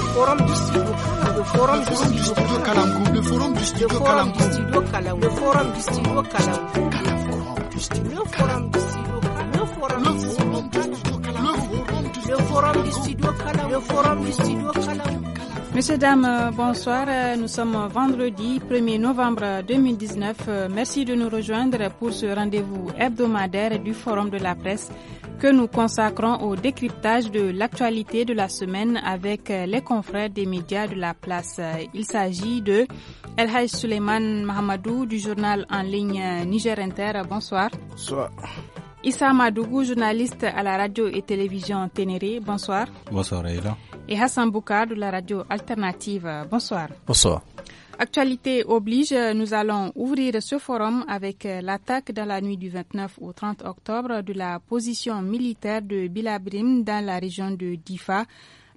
le forum du studio le forum du studio le forum du studio le forum du studio le forum du studio le forum du studio le forum du studio le forum du studio Messieurs, dames, bonsoir. Nous sommes vendredi 1er novembre 2019. Merci de nous rejoindre pour ce rendez-vous hebdomadaire du Forum de la presse que nous consacrons au décryptage de l'actualité de la semaine avec euh, les confrères des médias de la place. Il s'agit de El Haj Suleiman Mahamadou du journal en ligne euh, Niger Inter. Bonsoir. Bonsoir. Issa Madougou, journaliste à la radio et télévision Ténéré. Bonsoir. Bonsoir, Et Hassan Bouka de la radio alternative. Bonsoir. Bonsoir. Actualité oblige, nous allons ouvrir ce forum avec euh, l'attaque dans la nuit du 29 au 30 octobre de la position militaire de Bilabrim dans la région de Difa.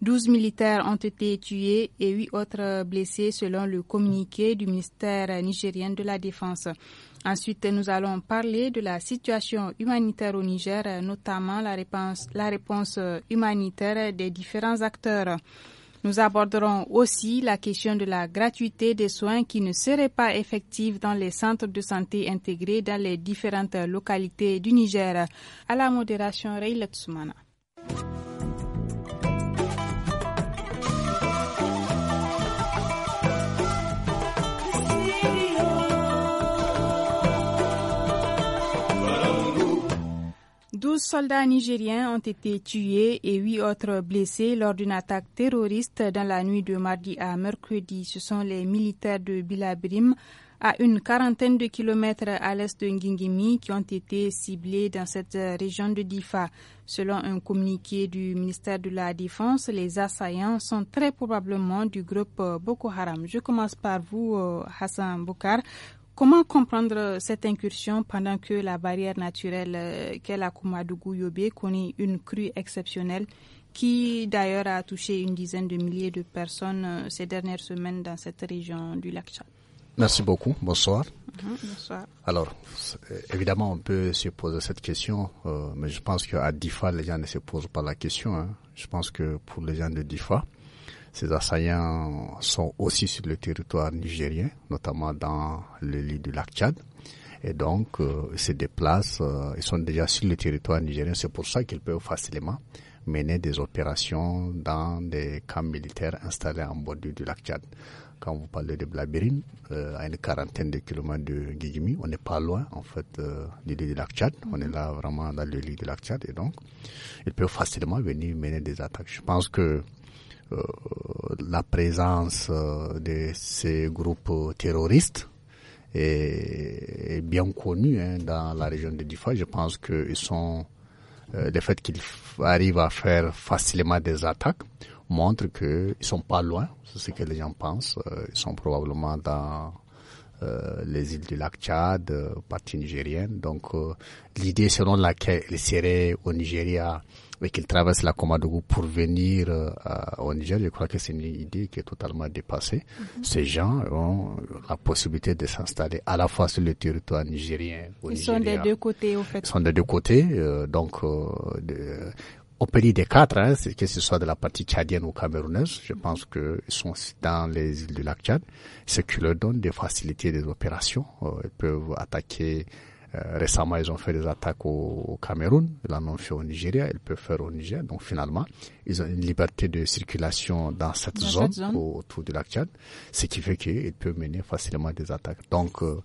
12 militaires ont été tués et 8 autres blessés selon le communiqué du ministère nigérien de la Défense. Ensuite, nous allons parler de la situation humanitaire au Niger, notamment la réponse, la réponse euh, humanitaire des différents acteurs. Nous aborderons aussi la question de la gratuité des soins qui ne seraient pas effectifs dans les centres de santé intégrés dans les différentes localités du Niger. À la modération, Rayle Tsoumana. 12 soldats nigériens ont été tués et 8 autres blessés lors d'une attaque terroriste dans la nuit de mardi à mercredi. Ce sont les militaires de Bilabrim à une quarantaine de kilomètres à l'est de Ngingimi qui ont été ciblés dans cette région de Difa. Selon un communiqué du ministère de la Défense, les assaillants sont très probablement du groupe Boko Haram. Je commence par vous, euh, Hassan Bokar. Comment comprendre cette incursion pendant que la barrière naturelle euh, qu'est la Koumadougou-Yobé connaît une crue exceptionnelle qui d'ailleurs a touché une dizaine de milliers de personnes euh, ces dernières semaines dans cette région du lac Tchad Merci beaucoup. Bonsoir. Mhm, bonsoir. Alors, euh, évidemment, on peut se poser cette question, mais je pense qu'à DIFA, les gens ne se posent pas la question. Hein. Je pense que pour les gens de DIFA, ces assaillants sont aussi sur le territoire nigérien, notamment dans le lit du lac Tchad. Et donc, euh, ils se déplacent, euh, ils sont déjà sur le territoire nigérien. C'est pour ça qu'ils peuvent facilement mener des opérations dans des camps militaires installés en bordure du lac Tchad. Quand vous parlez de Blabirine, euh, à une quarantaine de kilomètres de Guigimi, on n'est pas loin en fait euh, du lit du lac Tchad. On est là vraiment dans le lit du lac Tchad et donc ils peuvent facilement venir mener des attaques. Je pense que euh, la présence euh, de ces groupes terroristes est, bien connue hein, dans la région de Dufa. Je pense que sont, euh, le fait qu'ils arrivent à faire facilement des attaques montre qu'ils sont pas loin, c'est ce que les gens pensent. Ils sont probablement dans les îles du lac Tchad, partie nigérienne. Donc l'idée selon laquelle il serait au Nigeria et qu'ils traversent la Comadougou pour venir euh, au Niger, je crois que c'est une idée qui est totalement dépassée. Mhm. Ces gens ont la possibilité de s'installer à la fois sur le territoire nigérien. Au Ils sont des deux côtés, au fait. Ils sont des deux côtés, euh, donc euh, de, au pays des quatre, hein, que ce soit de la partie tchadienne ou camerounaise, je pense qu'ils sont dans les îles du lac Tchad, ce qui leur donne des facilités des opérations. ils peuvent attaquer euh, récemment, ils ont fait des attaques au, au Cameroun, ils l'ont fait au Nigeria, ils peuvent faire au Niger. Donc finalement, ils ont une liberté de circulation dans cette zone, autour du lac Tchad, ce qui fait qu'ils peuvent mener facilement des attaques. Donc, euh,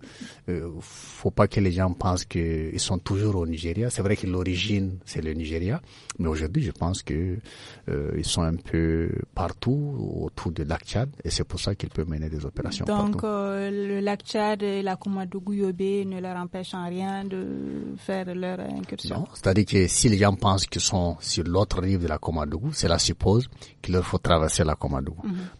euh faut pas que les gens pensent qu'ils sont toujours au Nigeria. C'est vrai que l'origine c'est le Nigeria, mais aujourd'hui je pense que euh, ils sont un peu partout autour du lac Tchad et c'est pour ça qu'ils peuvent mener des opérations. Donc, euh, le lac Tchad et la Koumadougou Yobé ne leur empêchent en rien de faire leur incursion. c'est-à-dire que si les gens pensent qu'ils sont sur l'autre rive de la Koumadougou cela suppose qu'il leur faut traverser la commande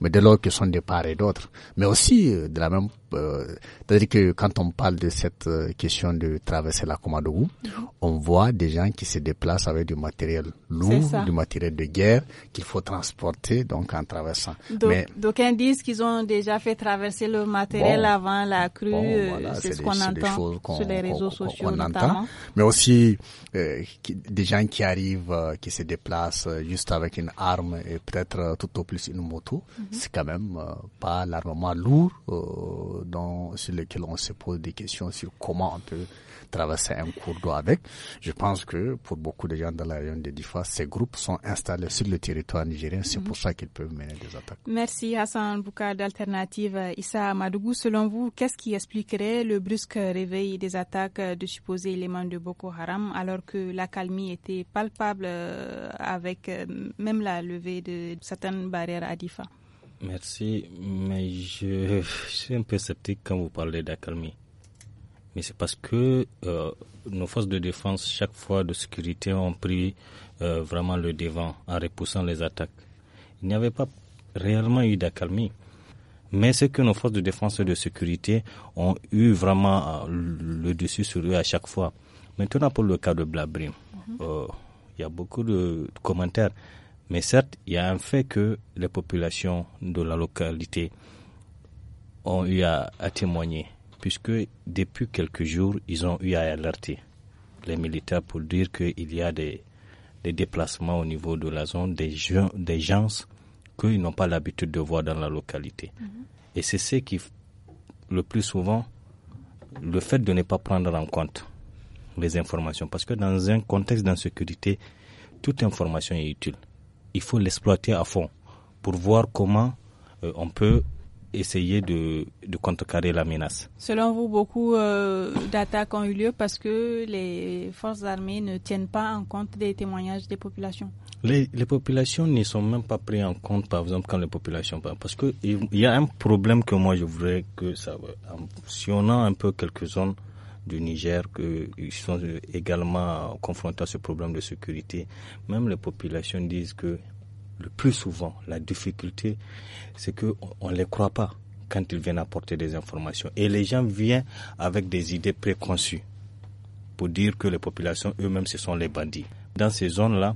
Mais de lors qu'ils sont des parts et d'autres mais aussi euh, de la même euh, c'est-à-dire que quand on parle de cette euh, question de traverser la Comadougou, mhm. on voit des gens qui se déplacent avec du matériel lourd, du matériel de guerre qu'il faut transporter donc en traversant. Donc, d'aucuns disent qu'ils ont déjà fait traverser le matériel avant la crue, euh, c'est ce qu'on entend sur les réseaux sociaux notamment. Mais aussi des gens qui arrivent, qui se déplacent juste avec une arme et peut-être tout au plus une moto, mhm. c'est quand même pas l'armement lourd dans, sur lesquels on se pose des questions sur comment on peut traverser un cours d'eau avec. Je pense que pour beaucoup de gens dans la région de Difa, ces groupes sont installés sur le territoire nigérien. C'est pour ça qu'ils peuvent mener des attaques. Merci Hassan Bouka d'Alternative. Issa Madougou, selon vous, qu'est-ce qui expliquerait le brusque réveil des attaques de supposés éléments de Boko Haram alors que la calmie était palpable euh, avec euh, même la levée de certaines barrières à Difa Merci, mais je, suis un peu sceptique quand vous parlez d'accalmie. Mais c'est parce que euh, nos forces de défense, chaque fois de sécurité, ont pris euh, vraiment le devant en repoussant les attaques. Il n'y avait pas réellement eu d'accalmie. Mais c'est que nos forces de défense et de sécurité ont eu vraiment euh, le dessus sur eux à chaque fois. Maintenant, pour le cas de Blabrim, mhm. il y a beaucoup de commentaires. Mais certes, il y a un fait que les populations de la localité ont eu à, témoigner, puisque depuis quelques jours, ils ont eu à alerter les militaires pour dire qu'il y a des, déplacements au niveau de la zone, des, gens, des gens qu'ils n'ont pas l'habitude de voir dans la localité. Mhm. Et c'est ce qui, le plus souvent, le fait de ne pas prendre en compte les informations. Parce que dans un contexte d'insécurité, toute information est utile il faut l'exploiter à fond pour voir comment euh, on peut essayer de, de contrecarrer la menace. Selon vous, beaucoup euh, d'attaques ont eu lieu parce que les forces armées ne tiennent pas en compte des témoignages des populations. Les, populations ne sont même pas prises en compte, par exemple, quand les populations parlent. Parce qu'il y a un problème que moi je voudrais que ça... Euh, on a un peu quelques zones, du Niger qu'ils sont euh, également confrontés à ce problème de sécurité. Même les populations disent que le plus souvent, la difficulté, c'est qu'on ne les croit pas quand ils viennent apporter des informations. Et les gens viennent avec des idées préconçues pour dire que les populations eux-mêmes, ce sont les bandits. Dans ces zones-là,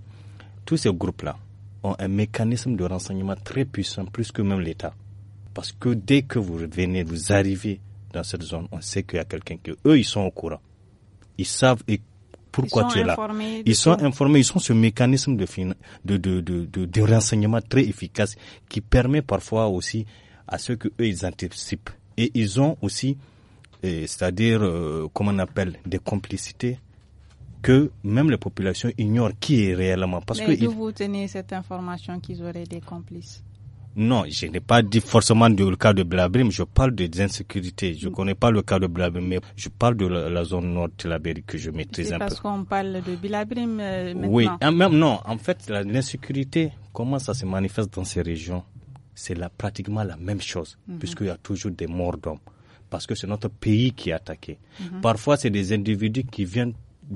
tous ces groupes-là ont un mécanisme de renseignement très puissant, plus que même l'État. Parce que dès que vous venez, vous arrivez dans cette zone, on sait qu'il y a quelqu'un qui... Eux, ils sont au courant. Ils savent et pourquoi tu es là. Ils sont informés, ils sont ce mécanisme de, de, de, de, de renseignement très efficace qui permet parfois aussi à ceux que ils anticipent. Et ils ont aussi, euh, c'est-à-dire, euh, comment on appelle, des complicités que même les populations ignorent qui est réellement. Parce Mais que vous tenez cette information qu'ils auraient des complices non, je n'ai pas dit forcément du cas de Blabrim, je parle des insécurités. Je ne mm. connais pas le cas de Blabrim, mais je parle de la, zone nord de la que je maîtrise un peu. parce qu'on parle de Blabrim euh, maintenant. Oui, ah, même, non, en fait, l'insécurité, comment ça se manifeste dans ces régions C'est pratiquement la même chose, mm-hmm. puisqu'il y a toujours des morts d'hommes. Parce que c'est notre pays qui est attaqué. Mm-hmm. Parfois, c'est des individus qui viennent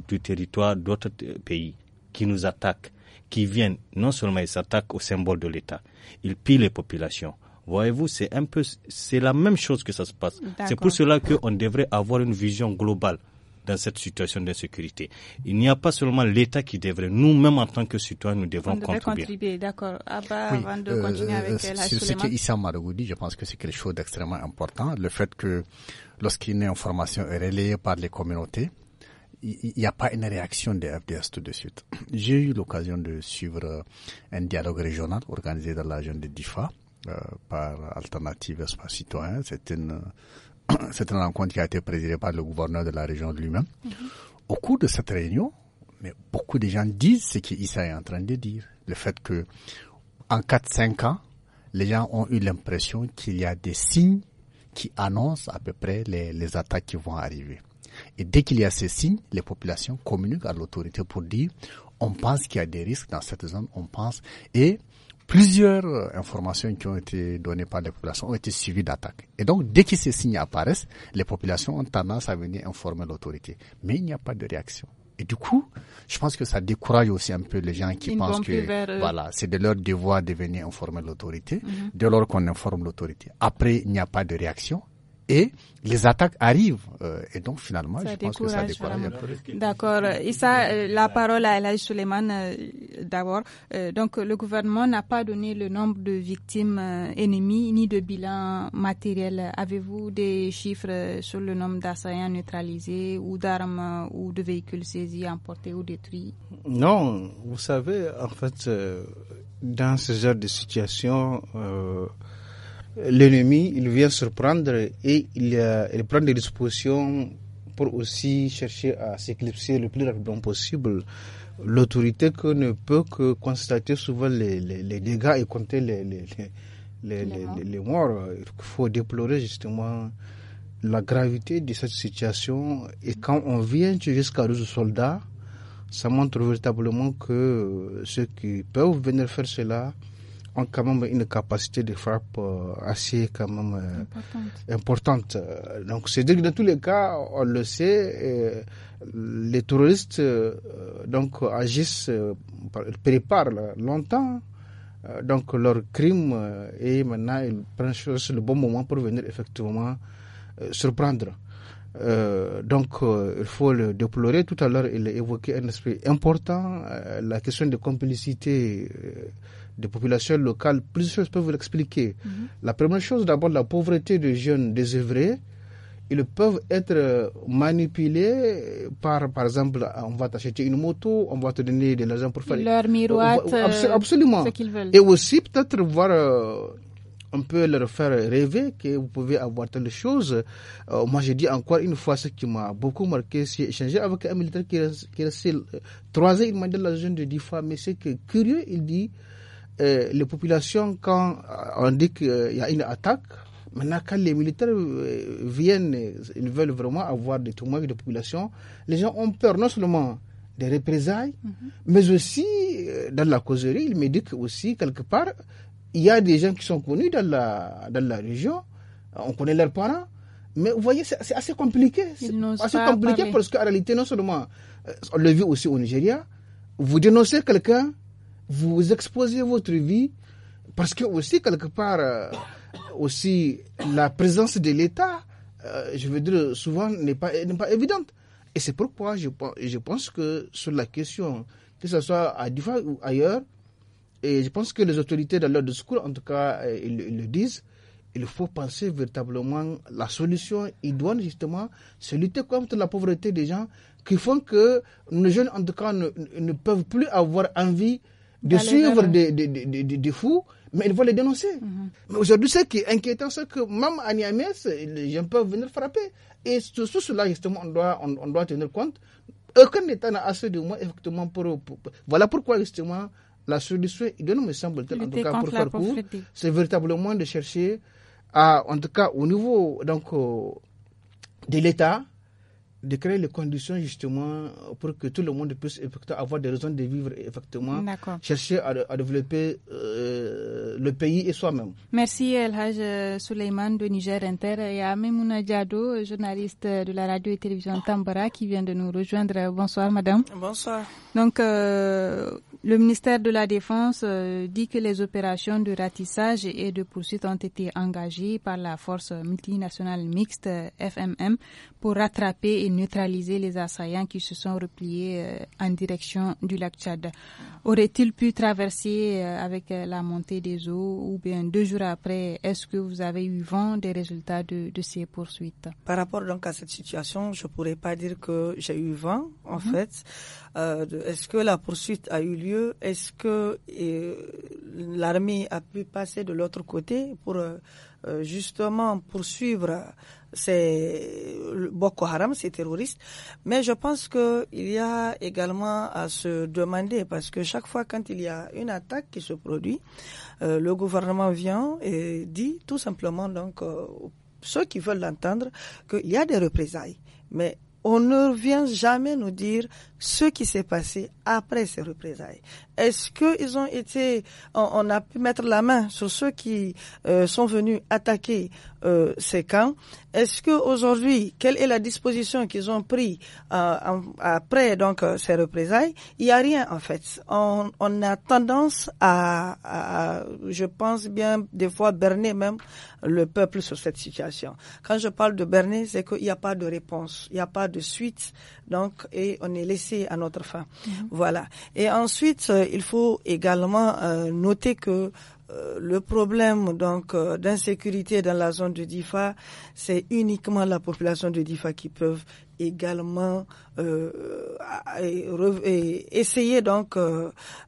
du territoire d'autres pays qui nous attaquent qui viennent, non seulement ils s'attaquent au symbole de l'État, ils pillent les populations. Voyez-vous, c'est un peu, c'est la même chose que ça se passe. C'est pour cela qu'on devrait avoir une vision globale dans cette situation d'insécurité. Il n'y a pas seulement l'État qui devrait, nous-mêmes en tant que citoyens, nous devons contribuer. contribuer D'accord. avant de continuer euh, avec euh, Sur ce que Issa je pense que c'est quelque chose d'extrêmement important. Le fait que lorsqu'il lorsqu'une information est relayée par les communautés, il n'y a pas une réaction des FDS tout de suite. J'ai eu l'occasion de suivre un dialogue régional organisé dans la région de Difa euh, par Alternative Espace Citoyen. C'est une, c'est une rencontre qui a été présidée par le gouverneur de la région lui-même. Mm-hmm. Au cours de cette réunion, mais beaucoup de gens disent ce qu'Issa est en train de dire. Le fait que, en 4-5 ans, les gens ont eu l'impression qu'il y a des signes qui annoncent à peu près les, les attaques qui vont arriver. Et dès qu'il y a ces signes, les populations communiquent à l'autorité pour dire on pense qu'il y a des risques dans cette zone, on pense. Et plusieurs euh, informations qui ont été données par les populations ont été suivies d'attaques. Et donc, dès que ces signes apparaissent, les populations ont tendance à venir informer l'autorité. Mais il n'y a pas de réaction. Et du coup, je pense que ça décourage aussi un peu les gens qui pensent que euh, voilà, c'est de leur devoir de venir informer l'autorité, mhm. de leur qu'on informe l'autorité. Après, il n'y a pas de réaction et les attaques arrivent. Euh, et donc, finalement, je pense que ça décourage un peu. D'accord. ça, euh, la parole à Elijah Suleiman euh, d'abord. donc, le gouvernement n'a pas donné le nombre de victimes ennemies ni de bilan matériel. Avez-vous des chiffres sur le nombre d'assaillants neutralisés ou d'armes ou de véhicules saisis, emportés ou détruits Non. Vous savez, en fait, dans ce genre de situation, l'ennemi, il vient surprendre et euh, il, prend des dispositions pour aussi chercher à s'éclipser le plus rapidement possible l'autorité que ne peut que constater souvent les, dégâts et compter les, les morts. Il faut déplorer justement la gravité de cette situation et quand on vient jusqu'à 12 soldats, ça montre véritablement que ceux qui peuvent venir faire cela ont quand même une capacité de frappe euh, assez quand même euh, importante. Euh, donc c'est dire que dans tous les cas, on le sait, les terroristes donc agissent, préparent longtemps donc leur crime et maintenant ils prennent le bon moment pour venir effectivement surprendre. donc, il faut le déplorer. Tout à l'heure, il a évoqué un aspect important, la question de complicité des populations locales, plusieurs choses peuvent vous l'expliquer. Mhm. La première chose, d'abord, la pauvreté des jeunes désœuvrés. Ils peuvent être manipulés par, par exemple, on va t'acheter une moto, on va te donner de l'argent pour faire... Leur miroir, euh, absolument. ce qu'ils veulent. Et aussi, peut-être voir on euh, peut leur faire rêver que vous pouvez avoir tant de choses. Euh, moi, j'ai dit encore une fois ce qui m'a beaucoup marqué, c'est échanger avec un militaire qui, est resté Il m'a dit la jeune de dix fois, mais c'est que curieux, il dit euh, les populations, quand on dit qu'il y a une attaque, maintenant quand les militaires euh, viennent, euh, ils veulent vraiment avoir des témoignages de population, les gens ont peur non seulement des représailles, mhm. mais aussi dans la causerie, ils me disent aussi quelque part, il y a des gens qui sont connus dans la, dans la région, on connaît leurs parents, mais vous voyez, c'est assez compliqué. C'est assez compliqué parce qu'en réalité, non seulement, on le vit aussi au Nigeria, vous dénoncez quelqu'un, vous exposez votre vie parce que aussi quelque part euh, aussi la présence de l'État, euh, je veux dire souvent n'est pas n'est pas évidente. Et c'est pourquoi je pense, je pense que sur la question, que ce soit à Difa ou ailleurs, et je pense que les autorités dans leur discours, en tout cas, euh, ils, le disent, il faut penser véritablement la solution idoine justement, se lutter contre la pauvreté des gens qui font que nos jeunes en tout cas ne peuvent plus avoir envie de suivre des, des, fous, mais ils vont les dénoncer. Mhm. Mais aujourd'hui, ce qui est inquiétant, c'est que même à Niamey, les gens peuvent venir frapper. Et sur cela, justement, on doit, on, doit tenir compte. Aucun État n'a assez de moyens, effectivement, pour, Voilà pourquoi, justement, la solution, il me semble t en tout cas, pour faire court, c'est véritablement de chercher, à, en tout cas, au niveau donc, de l'État, de créer les conditions justement pour que tout le monde puisse avoir des raisons de vivre effectivement, chercher à, développer euh, le pays et soi-même. Merci El Haj de Niger Inter et à Diado, journaliste de la radio et télévision Tambara qui vient de nous rejoindre. Bonsoir madame. Bonsoir. Donc euh, le ministère de la Défense euh, dit que les opérations de ratissage et de poursuite ont été engagées par la force multinationale mixte FMM pour rattraper neutraliser les assaillants qui se sont repliés euh, en direction du lac Tchad. Aurait-il pu traverser euh, avec euh, la montée des eaux ou bien deux jours après, est-ce que vous avez eu vent des résultats de, ces poursuites Par rapport donc à cette situation, je pourrais pas dire que j'ai eu vent en mhm. fait. est-ce que la poursuite a eu lieu Est-ce que l'armée a pu passer de l'autre côté pour euh, justement poursuivre euh, ces euh, Boko Haram, ces terroristes. Mais je pense qu'il y a également à se demander, parce que chaque fois quand il y a une attaque qui se produit, le gouvernement vient et dit tout simplement donc ceux qui veulent l'entendre qu'il y a des représailles. Mais on ne revient jamais nous dire ce qui s'est passé après ces représailles. Est-ce qu'ils ont été, on, a pu mettre la main sur ceux qui euh, sont venus attaquer euh, ces camps Est-ce que aujourd'hui, quelle est la disposition qu'ils ont prise euh, après donc ces représailles Il n'y a rien en fait. On, a tendance à, à, je pense bien des fois berner même le peuple sur cette situation. Quand je parle de berner, c'est qu'il n'y a pas de réponse, il n'y a pas de suite. Donc, et on est laissé à notre fin. Mhm. Voilà. Et ensuite, euh, il faut également euh, noter que euh, le problème donc d'insécurité dans la zone de Difa, c'est uniquement la population de Difa qui peuvent également essayer donc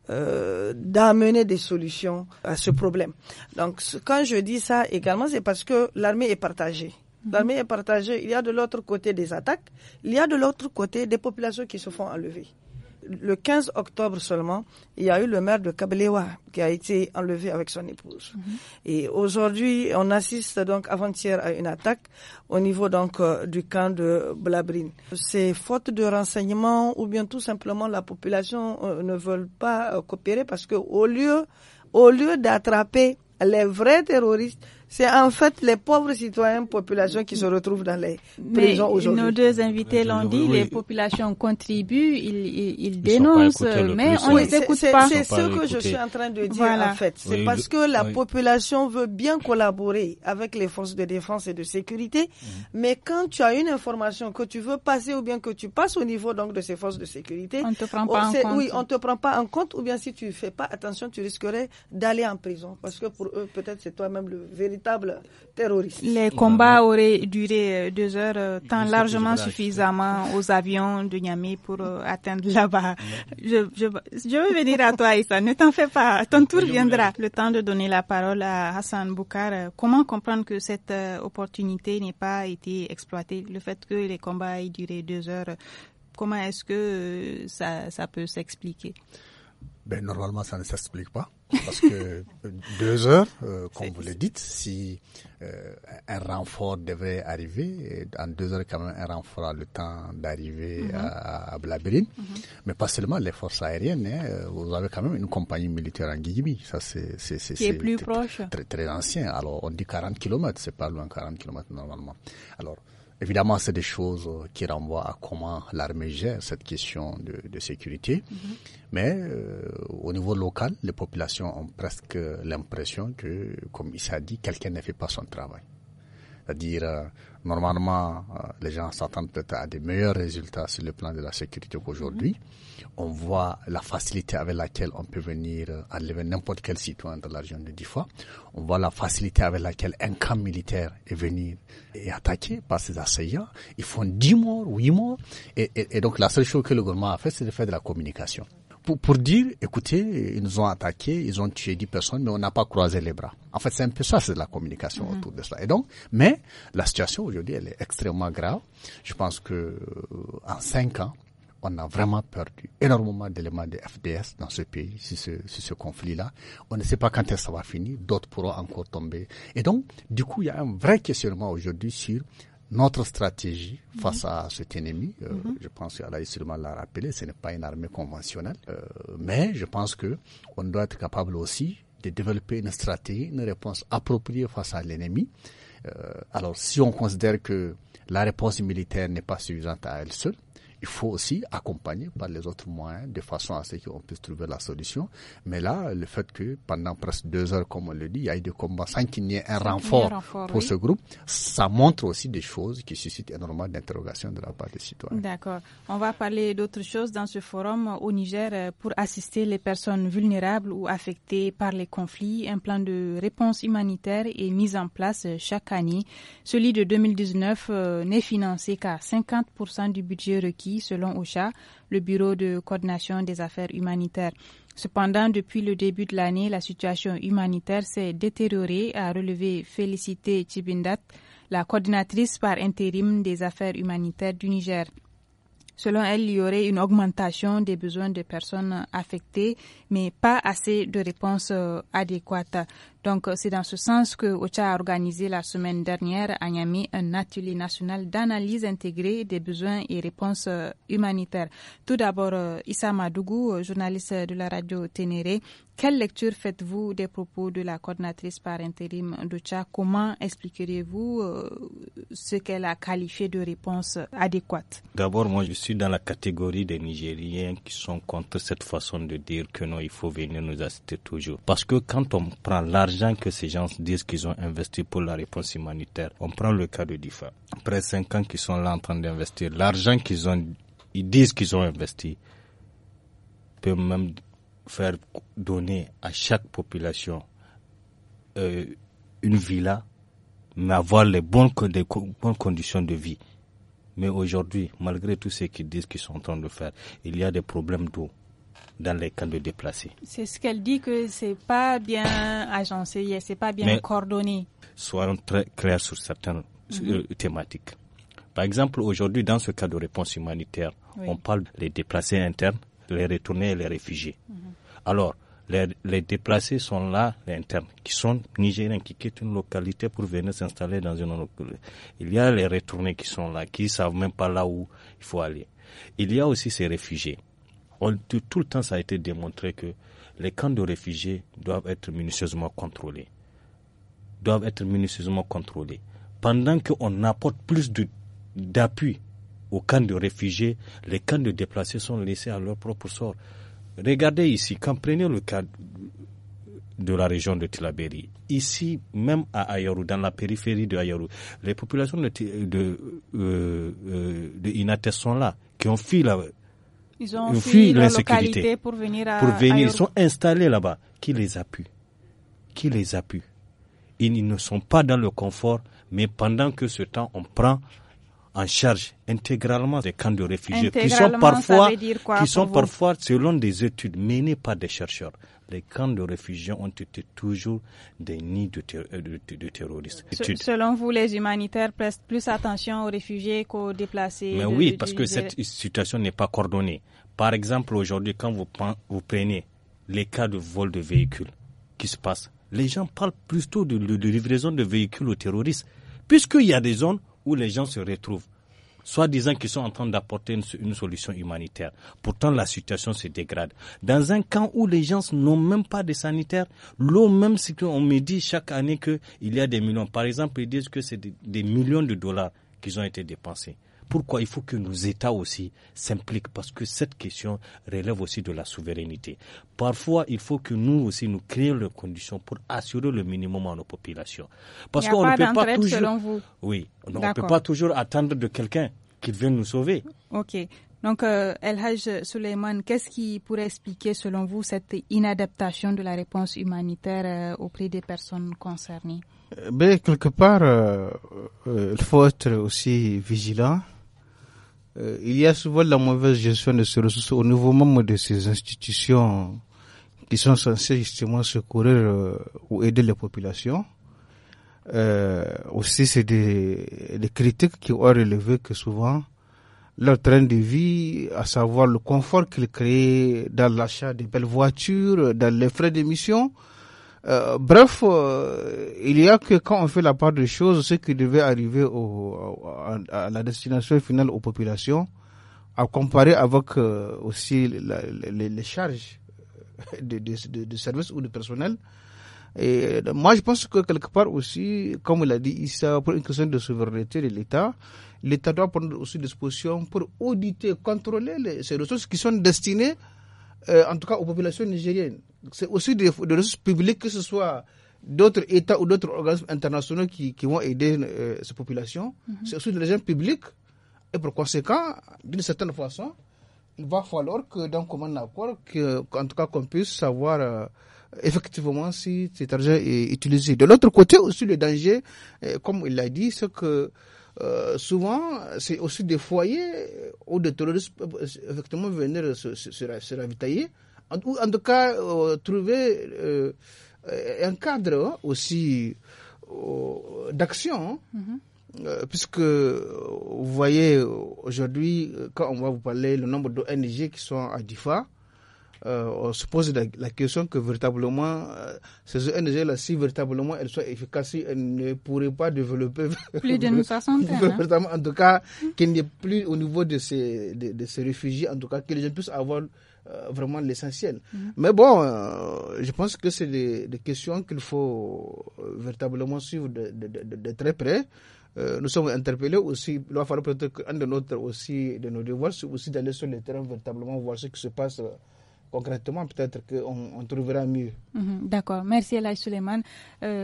d'amener des solutions à ce problème. Donc quand je dis ça également, c'est parce que l'armée est partagée. L'armée mhm. est partagée. Il y a de l'autre côté des attaques, il y a de l'autre côté des populations qui se font enlever. Le 15 octobre seulement, il y a eu le maire de Kabelewa qui a été enlevé avec son épouse. Mhm. Et aujourd'hui, on assiste donc avant-hier à une attaque au niveau donc euh, du camp de Blabrine. C'est faute de renseignements ou bien tout simplement la population euh, ne veut pas euh, coopérer parce que au lieu, au lieu d'attraper les vrais terroristes, c'est en fait les pauvres citoyens, populations qui se retrouvent dans les prisons aujourd'hui. Nos deux invités l'ont dit, les populations contribuent, ils, ils, dénoncent, mais on ne les écoute pas. C'est ce que je suis en train de dire en fait. C'est parce que la population veut bien collaborer avec les forces de défense et de sécurité, mhm. mais quand tu as une information que tu veux passer ou bien que tu passes au niveau donc de ces forces de sécurité, on te prend pas en compte. Oui, on te prend pas en compte ou bien si tu fais pas attention, tu risquerais d'aller en prison parce que pour eux peut-être c'est toi-même le véritable les combats auraient duré euh, deux heures, euh, tant largement suffisamment aux avions de Niamey pour euh, atteindre là-bas. Je, je, veux venir à toi, Issa. Ne t'en fais pas. Ton tour viendra. Le temps de donner la parole à Hassan Boukar. Comment comprendre que cette opportunité n'ait pas été exploitée? Le fait que les combats aient duré deux heures, comment est-ce que ça, ça peut s'expliquer? ben, Normalement, ça ne s'explique pas. Parce que euh, deux heures, euh, comme vous le dites, si euh, un renfort devrait arriver, en deux heures, quand même, un renfort a le temps d'arriver mhm. à, Blabrine mhm. Mais pas seulement les forces aériennes, hein, vous avez quand même une compagnie militaire en Guigui, Ça, c'est, c'est, plus proche. Très, très ancien. Alors, on dit 40 km, c'est pas loin, 40 km normalement. Alors, Évidemment, c'est des choses euh, qui renvoient à comment l'armée gère cette question de, sécurité. Mm-hmm. Mais euh, au niveau local, les populations ont presque l'impression que, comme il s'est dit, quelqu'un ne fait pas son travail. C'est-à-dire, euh, normalement, euh, les gens s'attendent peut-être à des meilleurs résultats sur le plan de la sécurité qu'aujourd'hui. Mhm. On voit la facilité avec laquelle on peut venir euh, enlever n'importe quel citoyen de la région de Difa. On voit la facilité avec laquelle un camp militaire est venu et attaqué par ses assaillants. Ils font 10 morts, 8 morts. Et, et donc, la seule chose que le gouvernement a fait, c'est de faire de la communication pour, dire, écoutez, ils nous ont attaqué ils ont tué 10 personnes, mais on n'a pas croisé les bras. En fait, c'est un peu ça, c'est la communication mhm. autour de cela. Et donc, mais la situation aujourd'hui, elle est extrêmement grave. Je pense que euh, en 5 ans, on a vraiment perdu énormément d'éléments de FDS dans ce pays, sur ce, sur ce conflit-là. On ne sait pas quand ça va finir, d'autres pourront encore tomber. Et donc, du coup, il y a un vrai questionnement aujourd'hui sur notre stratégie mhm. face à cet ennemi. Euh, mhm. Je pense qu'Alaïs Sulman l'a rappelé, ce n'est pas une armée conventionnelle, euh, mais je pense que on doit être capable aussi de développer une stratégie, une réponse appropriée face à l'ennemi. Euh, alors, si on considère que la réponse militaire n'est pas suffisante à elle seule, il faut aussi accompagner par les autres moyens de façon à ce qu'on puisse trouver la solution. Mais là, le fait que pendant presque deux heures, comme on le dit, il y ait des combats sans qu'il n'y ait un renfort, pour ce groupe, ça montre aussi des choses qui suscitent énormément d'interrogations de la part des citoyens. D'accord. On va parler d'autres choses dans ce forum au Niger euh, pour assister les personnes vulnérables ou affectées par les conflits. Un plan de réponse humanitaire est mis en place euh, chaque année. Celui de 2019 euh, n'est financé qu'à 50% du budget requis selon OCHA, le Bureau de coordination des affaires humanitaires. Cependant, depuis le début de l'année, la situation humanitaire s'est détériorée, a relevé Félicité Chibindat, la coordinatrice par intérim des affaires humanitaires du Niger. Selon elle, il y aurait une augmentation des besoins des personnes affectées mais pas assez de réponses euh, adéquates. Donc, c'est dans ce sens que OCHA a organisé la semaine dernière à Niamey un atelier national d'analyse intégrée des besoins et réponses euh, humanitaires. Tout d'abord, euh, Issa Madougou, journaliste de la radio Ténéré, quelle lecture faites-vous des propos de la coordinatrice par intérim d'OCHA Comment expliqueriez-vous ce qu'elle a qualifié de réponse adéquate D'abord, moi, je suis dans la catégorie des Nigériens qui sont contre cette façon de dire que nos il faut venir nous assister toujours. Parce que quand on prend l'argent que ces gens disent qu'ils ont investi pour la réponse humanitaire, on prend le cas de DIFA. Après cinq ans qu'ils sont là en train d'investir, l'argent qu'ils ont, ils disent qu'ils ont investi, peut même faire donner à chaque population euh, une villa, mais avoir les bonnes, bonnes conditions de vie. Mais aujourd'hui, malgré tout ce qu'ils disent qu'ils sont en train de faire, il y a des problèmes d'eau dans les camps de déplacés. C'est ce qu'elle dit que c'est pas bien agencé, c'est pas bien coordonné. Soyons très clairs sur certaines mhm. euh, thématiques. Par exemple, aujourd'hui, dans ce cas de réponse humanitaire, on parle des déplacés internes, les retournés et les réfugiés. Mhm. Alors, les, déplacés sont là, les internes, qui sont nigériens, qui quittent une localité pour venir s'installer dans une autre localité. Il y a les retournés qui sont là, qui ne savent même pas là où il faut aller. Il y a aussi ces réfugiés tout, le temps, ça a été démontré que les camps de réfugiés doivent être minutieusement contrôlés. Doivent être minutieusement contrôlés. Pendant qu'on apporte plus d'appui aux camps de réfugiés, les camps de déplacés sont laissés à leur propre sort. Regardez ici, quand prenez le cas de la région de Tilaberi, ici même à Ayoru, dans la périphérie de Ayoru, les populations de, de, euh, euh, sont là, qui ont fui la, ils ont, fui, l'insécurité pour venir, à, pour venir. Ils sont installés là-bas. Qui les a pu Qui les a pu Ils ne sont pas dans le confort, mais pendant que ce temps, on prend en charge intégralement des camps de réfugiés qui sont parfois, qui sont parfois selon des études menées par des chercheurs. Les camps de réfugiés ont été toujours des nids de, euh, de, terroristes. selon vous, les humanitaires prestent plus attention aux réfugiés qu'aux déplacés. Mais oui, parce que cette situation n'est pas coordonnée. Par exemple, aujourd'hui, quand vous, vous prenez les cas de vol de véhicules qui se passe les gens parlent plutôt de, de livraison de véhicules aux terroristes, puisqu'il y a des zones où les gens se retrouvent, soi-disant qu'ils sont en train d'apporter une, solution humanitaire. Pourtant, la situation se dégrade. Dans un camp où les gens n'ont même pas de sanitaire, l'eau même, si on me dit chaque année qu'il y a des millions. Par exemple, ils disent que c'est des, millions de dollars qui ont été dépensés. Pourquoi il faut que nos États aussi s'impliquent Parce que cette question relève aussi de la souveraineté. Parfois, il faut que nous aussi, nous créions les conditions pour assurer le minimum à nos populations. Parce qu'on ne peut pas toujours... vous. Oui, on ne peut pas toujours attendre de quelqu'un qui vienne nous sauver. OK. Donc, euh, El Suleiman, qu'est-ce qui pourrait expliquer, selon vous, cette inadaptation de la réponse humanitaire euh, auprès des personnes concernées euh, ben, Quelque part, il faut être aussi vigilant euh, il y a souvent la mauvaise gestion de ces ressources au niveau même de ces institutions qui sont censées justement secourir euh, ou aider les populations. Euh, aussi, c'est des, des, critiques qui ont relevé que souvent leur train de vie, à savoir le confort qu'ils créent dans l'achat de belles voitures, dans les frais d'émission, euh, bref, euh, il y a que quand on fait la part des choses, ce qui devait arriver au, à, la destination finale aux populations, à comparer avec euh, aussi les, charges de, de, de, services ou de personnel. Et moi, je pense que quelque part aussi, comme il l'a dit il pour une question de souveraineté de l'État, l'État doit prendre aussi des dispositions pour auditer, contrôler les, ces ressources qui sont destinées, en tout cas, aux populations nigériennes. C'est aussi des, ressources publiques, que ce soit d'autres États ou d'autres organismes internationaux qui, qui vont aider euh, ces populations. Mhm. C'est aussi des gens publics. Et pour conséquent, d'une certaine façon, il va falloir que dans commun accord, que, en tout cas qu'on puisse savoir euh, effectivement si cet argent est utilisé. De l'autre côté aussi, le danger, euh, comme il l'a dit, c'est que souvent, c'est aussi des foyers où des terroristes peuvent effectivement venir se, se ravitailler en tout cas euh, trouver euh, un cadre aussi euh, d'action, hein. mm-hmm. puisque vous voyez aujourd'hui, quand on va vous parler le nombre d'ONG qui sont à DIFA, on se pose la, question que véritablement, ces ONG-là, si véritablement elles sont efficaces, elles ne pourraient pas développer. Plus de 60 hein. En tout cas, qu'il n'y ait plus au niveau de ces, de ces réfugiés, en tout cas, que les gens puissent avoir euh, vraiment l'essentiel. Mhm. Mais bon, euh, je pense que c'est des, questions qu'il faut euh, véritablement suivre de, très près. nous sommes interpellés aussi, il va falloir peut-être qu'un de, aussi, de nos devoirs, c'est aussi d'aller sur le terrain véritablement voir ce qui se passe concrètement, peut-être qu'on trouvera mieux. Mhm. D'accord. Merci, Elay Suleiman.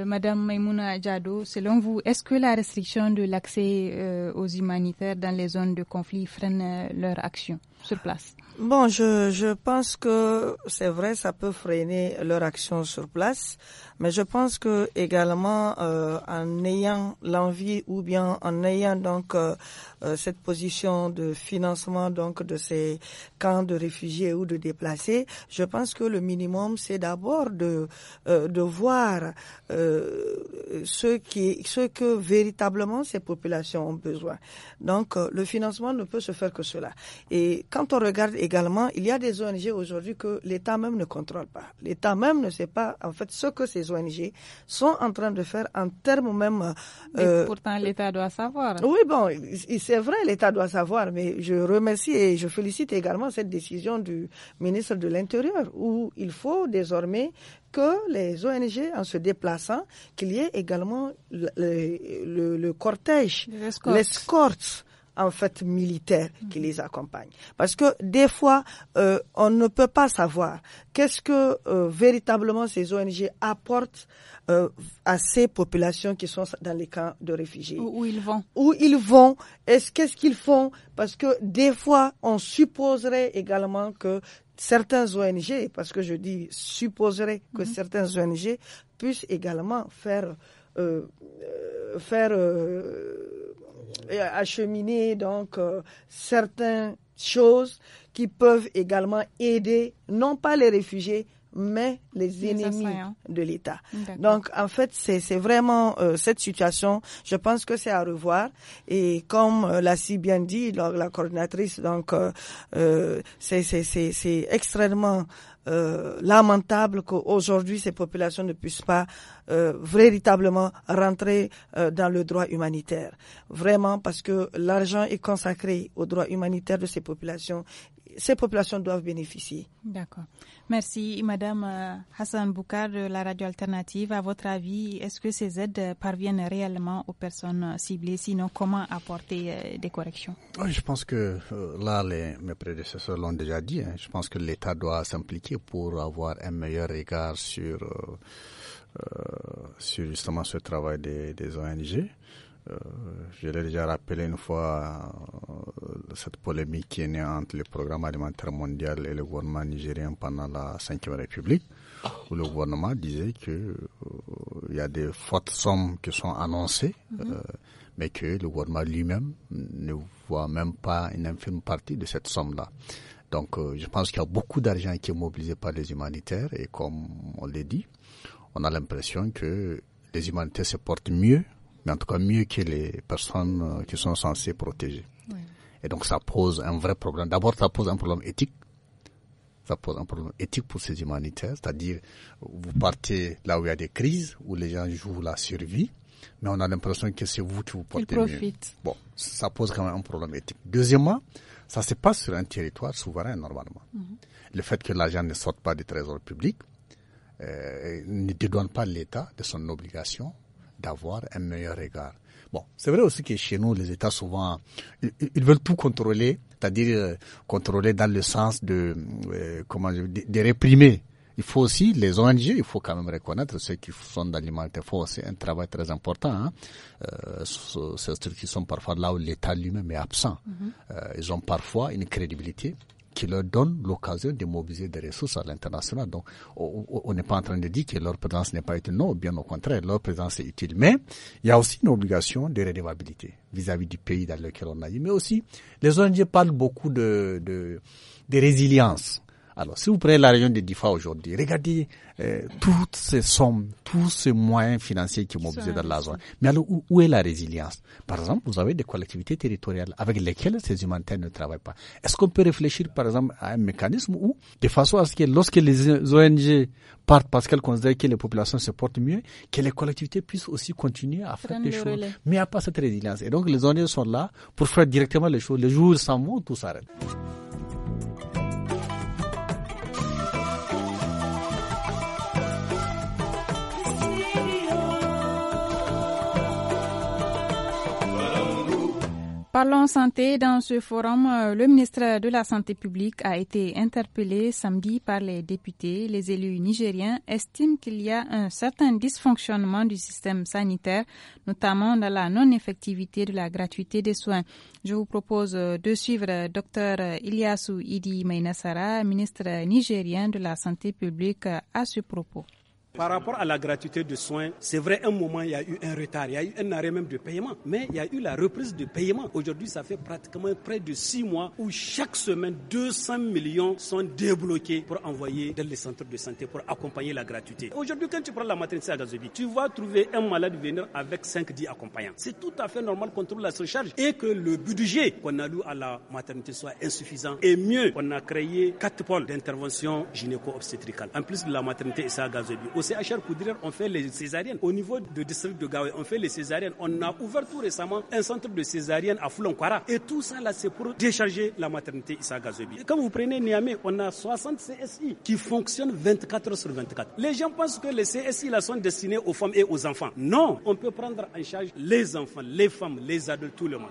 Madame Maimouna Djado, selon vous, est-ce que la restriction de l'accès aux humanitaires dans les zones de conflit freine leur action sur place Bon, je, je pense que c'est vrai, ça peut freiner leur action sur place, mais je pense que également euh, en ayant l'envie ou bien en ayant donc euh, euh, cette position de financement donc de ces camps de réfugiés ou de déplacés, je pense que le minimum c'est d'abord de de voir ce qui ce que véritablement ces populations ont besoin. Donc le financement ne peut se faire que cela. Et quand on regarde également, il y a des ONG aujourd'hui que l'État même ne contrôle pas. L'État même ne sait pas, en fait, ce que ces ONG sont en train de faire en termes même. Euh, pourtant, l'État doit savoir. Oui, bon, c'est vrai, l'État doit savoir, mais je remercie et je félicite également cette décision du ministre de l'Intérieur où il faut désormais que les ONG, en se déplaçant, qu'il y ait également le cortège, l'escorte en fait militaires qui les accompagnent. Parce que des fois, euh, on ne peut pas savoir qu'est-ce que euh, véritablement ces ONG apportent euh, à ces populations qui sont dans les camps de réfugiés. Où, ils vont Où ils vont Est-ce qu'est-ce qu'ils font Parce que des fois, on supposerait également que certains ONG, parce que je dis supposerait que mhm. certains ONG puissent également faire faire acheminer donc euh, certaines choses qui peuvent également aider non pas les réfugiés mais les, ennemis de l'État. Donc en fait c'est vraiment euh, cette situation, je pense que c'est à revoir et comme euh, l'a si bien dit la, la coordinatrice donc c'est extrêmement euh, lamentable qu'aujourd'hui ces populations ne puissent pas euh, véritablement rentrer euh, dans le droit humanitaire. Vraiment parce que l'argent est consacré au droit humanitaire de ces populations ces populations doivent bénéficier. D'accord. Merci, Madame euh, Hassan Boukar de la radio alternative. À votre avis, est-ce que ces aides parviennent réellement aux personnes ciblées Sinon, comment apporter euh, des corrections Je pense que euh, là, les, mes prédécesseurs l'ont déjà dit. Hein. je pense que l'État doit s'impliquer pour avoir un meilleur regard sur, sur justement ce travail des, des ONG. Euh, je l'ai déjà rappelé une fois, euh, cette polémique qui est née entre le programme alimentaire mondial et le gouvernement nigérien pendant la Ve République, où le gouvernement disait que euh, il y a des fortes sommes qui sont annoncées, mhm. mais que le gouvernement lui-même ne voit même pas une infime partie de cette somme-là. Donc, je pense qu'il y a beaucoup d'argent qui est mobilisé par les humanitaires et comme on l'a dit, on a l'impression que les humanitaires se portent mieux mais en tout cas mieux que les personnes euh, qui sont censées protéger. Et donc ça pose un vrai problème. D'abord, ça pose un problème éthique. Ça pose un problème éthique pour ces humanitaires, c'est-à-dire vous partez là où il y a des crises, où les gens jouent la survie, mais on a l'impression que c'est vous qui vous portez mieux. Bon, ça pose quand même un problème éthique. Deuxièmement, ça se passe sur un territoire souverain normalement. Mhm. Le fait que l'agent ne sorte pas du trésor public, euh, ne dédouane pas l'État de son obligation d'avoir un meilleur regard. Bon, c'est vrai aussi que chez nous, les États souvent, ils, veulent tout contrôler, c'est-à-dire euh, contrôler dans le sens de, euh, comment dire, de réprimer. Il faut aussi, les ONG, il faut quand même reconnaître ceux qui sont dans l'humanité. Il un travail très important. Hein. Euh, ces structures sont parfois là où l'État lui-même est absent. Mm-hmm. Euh, ils ont parfois une crédibilité qui leur donne l'occasion de mobiliser des ressources à l'international. Donc, on n'est pas en train de dire que leur présence n'est pas utile. Non, bien au contraire, leur présence est utile. Mais il y a aussi une obligation de rénovabilité vis-à-vis du pays dans lequel on a eu. Mais aussi, les ONG parlent beaucoup de résilience. Alors, si vous prenez la région de Difa aujourd'hui, regardez euh, toutes ces sommes, tous ces moyens financiers qui sont mobilisés dans la zone. Mais alors, où, est la résilience Par exemple, vous avez des collectivités territoriales avec lesquelles ces humanitaires ne travaillent pas. Est-ce qu'on peut réfléchir, par exemple, à un mécanisme où, de façon à ce que lorsque les ONG partent parce qu'elles considèrent que les populations se portent mieux, que les collectivités puissent aussi continuer à faire des choses. Mais il n'y a pas cette résilience. Et donc, les ONG sont là pour faire directement les choses. Les jours s'en vont, tout s'arrête. Parlons santé. Dans ce forum, euh, le ministre de la Santé publique a été interpellé samedi par les députés. Les élus nigériens estiment qu'il y a un certain dysfonctionnement du système sanitaire, notamment dans la non-effectivité de la gratuité des soins. Je vous propose euh, de suivre euh, Dr Ilyasu Idi Mainasara, ministre nigérien de la Santé publique, à ce propos. Par rapport à la gratuité de soins, c'est vrai, un moment, il y a eu un retard, il y a eu un arrêt même de paiement, mais il y a eu la reprise de paiement. Aujourd'hui, ça fait pratiquement près de six mois où chaque semaine, 200 millions sont débloqués pour envoyer dans les centres de santé pour accompagner la gratuité. Aujourd'hui, quand tu prends la maternité à Gazobi, tu vas trouver un malade venir avec 5-10 accompagnants. C'est tout à fait normal qu'on trouve la surcharge et que le budget qu'on alloue à la maternité soit insuffisant. Et mieux, on a créé quatre pôles d'intervention gynéco-obstétricale. En plus de la maternité ça à Gazobi, CHR à on fait les césariennes. Au niveau du district de Gawé, on fait les césariennes. On a ouvert tout récemment un centre de césariennes à Foulonkwara. Et tout ça, là, c'est pour décharger la maternité Issa Gazobi. Et quand vous prenez Niamey, on a 60 CSI qui fonctionnent 24 heures sur 24. Les gens pensent que les CSI, là, sont destinés aux femmes et aux enfants. Non, on peut prendre en charge les enfants, les femmes, les adultes, tout le monde.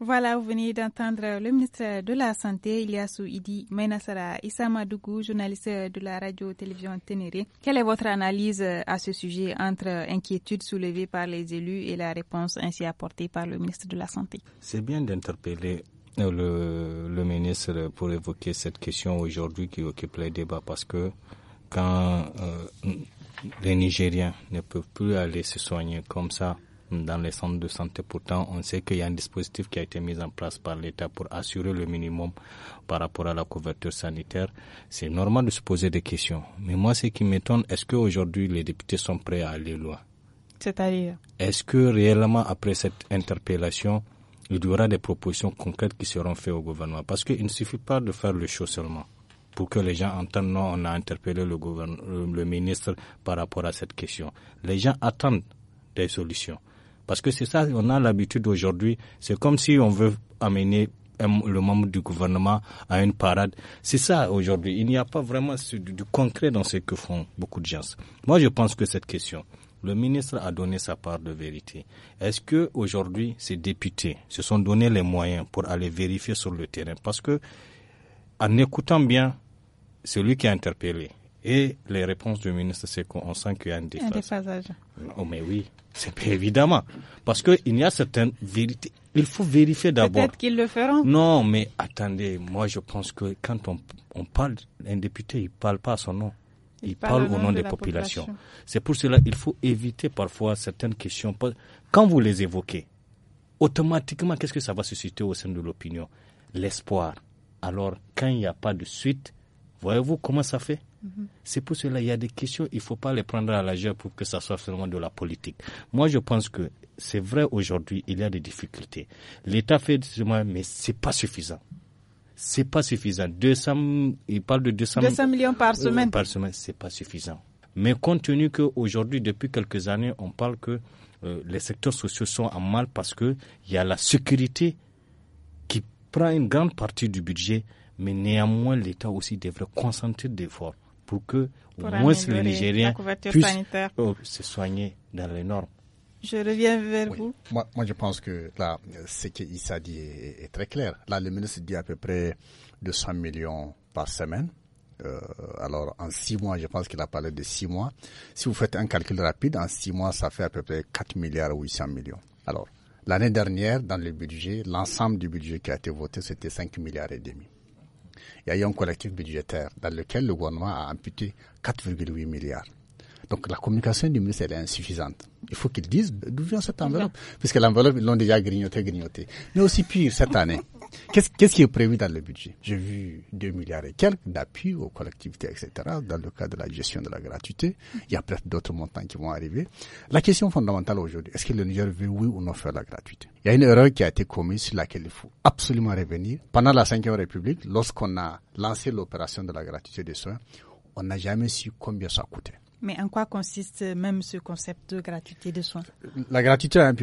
Voilà, vous venez d'entendre le ministre de la Santé, Iliassou Idi Mainassara Issa Dougou, journaliste de la radio-télévision Ténéré. Quelle est votre analyse euh, à ce sujet entre inquiétudes soulevée par les élus et la réponse ainsi apportée par le ministre de la Santé C'est bien d'interpeller euh, le, ministre pour évoquer cette question aujourd'hui qui occupe les débats parce que quand euh, les Nigériens ne peuvent plus aller se soigner comme ça, dans les centres de santé. Pourtant, on sait qu'il y a un dispositif qui a été mis en place par l'État pour assurer le minimum par rapport à la couverture sanitaire. C'est normal de se poser des questions. Mais moi, ce qui m'étonne, est-ce qu'aujourd'hui les députés sont prêts à aller loin C'est-à-dire Est-ce que réellement, après cette interpellation, il y aura des propositions concrètes qui seront faites au gouvernement Parce qu'il ne suffit pas de faire le show seulement pour que les gens entendent non, on a interpellé le, le ministre par rapport à cette question. Les gens attendent des solutions. Parce que c'est ça, on a l'habitude aujourd'hui. C'est comme si on veut amener le membre du gouvernement à une parade. C'est ça aujourd'hui. Il n'y a pas vraiment du, concret dans ce que font beaucoup de gens. Moi, je pense que cette question, le ministre a donné sa part de vérité. Est-ce que aujourd'hui ces députés se sont donnés les moyens pour aller vérifier sur le terrain Parce que en écoutant bien celui qui a interpellé, et les réponses du ministre, c'est qu'on sent qu'il y a un déphasage. mais oui, c'est évidemment. Parce qu'il y a certaines vérités. Il faut vérifier d'abord. Peut-être qu'ils le feront. Non, mais attendez, moi je pense que quand on, on parle, un député, il ne parle pas à son nom. Il, parle, au nom des populations. C'est pour cela qu'il faut éviter parfois certaines questions. Quand vous les évoquez, automatiquement, qu'est-ce que ça va susciter au sein de l'opinion L'espoir. Alors, quand il n'y a pas de suite, Voyez-vous comment ça fait mhm. C'est pour cela qu'il y a des questions, il ne faut pas les prendre à la légère pour que ça soit seulement de la politique. Moi, je pense que c'est vrai aujourd'hui, il y a des difficultés. L'État fait des mais ce n'est pas suffisant. Ce n'est pas suffisant. 200, il parle de 200, 200 millions par euh, semaine. par semaine, ce n'est pas suffisant. Mais compte tenu qu'aujourd'hui, depuis quelques années, on parle que euh, les secteurs sociaux sont en mal parce qu'il y a la sécurité qui prend une grande partie du budget mais néanmoins, l'État aussi devrait concentrer d'efforts pour que au moins les Nigériens puissent oh, se soigner dans les normes. Je reviens vers vous. Moi, je pense que là, ce a dit est, très clair. Là, le ministre dit à peu près 200 millions par semaine. Euh, alors, en six mois, je pense qu'il a parlé de six mois. Si vous faites un calcul rapide, en six mois, ça fait à peu près 4 milliards 800 millions. Alors, l'année dernière, dans le budget, l'ensemble du budget qui a été voté, c'était 5 milliards et demi il y a eu un collectif budgétaire dans lequel le gouvernement a amputé 4,8 milliards. Donc la communication du ministre, est insuffisante. Il faut qu'ils disent d'où vient cette enveloppe, puisque l'enveloppe, ils l'ont déjà grignotée, grignotée. Mais aussi pire, cette année, Qu'est-ce qui est prévu dans le budget J'ai vu 2 milliards et quelques d'appui aux collectivités, etc., dans le cadre de la gestion de la gratuité. Il y a peut-être d'autres montants qui vont arriver. La question fondamentale aujourd'hui, est-ce que le Niger veut oui ou non faire la gratuité Il y a une erreur qui a été commise sur laquelle il faut absolument revenir. Pendant la 5 République, lorsqu'on a lancé l'opération de la gratuité des soins, on n'a jamais su combien ça coûtait. Mais en quoi consiste même ce concept de gratuité des soins La gratuité est un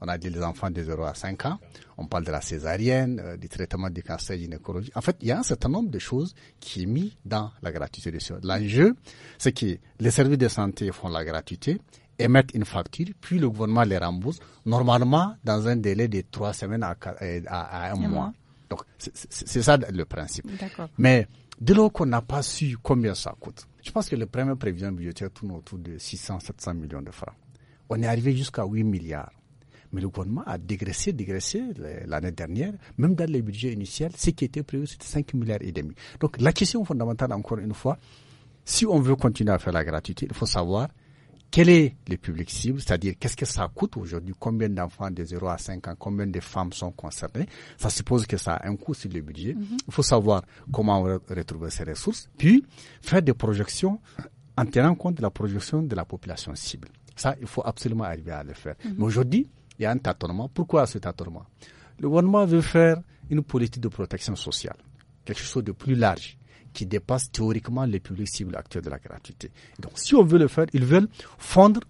on a dit les enfants de 0 à 5 ans. On parle de la césarienne, euh, du traitement du cancer gynécologique. En fait, il y a un certain nombre de choses qui est mis dans la gratuité de soins. L'enjeu, c'est que les services de santé font la gratuité, émettent une facture, puis le gouvernement les rembourse, normalement dans un délai de trois semaines à, euh, un, mois. Donc, c'est ça le principe. Mais dès lors qu'on n'a pas su combien ça coûte, je pense que le premier prévision budgétaire tourne autour de 600-700 millions de francs. On est arrivé jusqu'à 8 milliards. Mais le gouvernement a dégressé, dégraissé l'année dernière, même dans les budgets initial, ce qui était prévu, c'était 5 milliards et demi. Donc la question fondamentale, encore une fois, si on veut continuer à faire la gratuité, il faut savoir quel est le public cible, c'est-à-dire qu'est-ce que ça coûte aujourd'hui, combien d'enfants de 0 à 5 ans, combien de femmes sont concernées. Ça suppose que ça a un coût sur le budget. Mhm. Il faut savoir comment retrouver ces ressources, puis faire des projections en tenant compte de la projection de la population cible. Ça, il faut absolument arriver à le faire. Mhm. Mais aujourd'hui, il y a un tâtonnement. Pourquoi ce tâtonnement Le gouvernement veut faire une politique de protection sociale, quelque chose de plus large qui dépasse théoriquement les publics cibles actuels de la gratuité. Donc, si on veut le faire, ils veulent fondre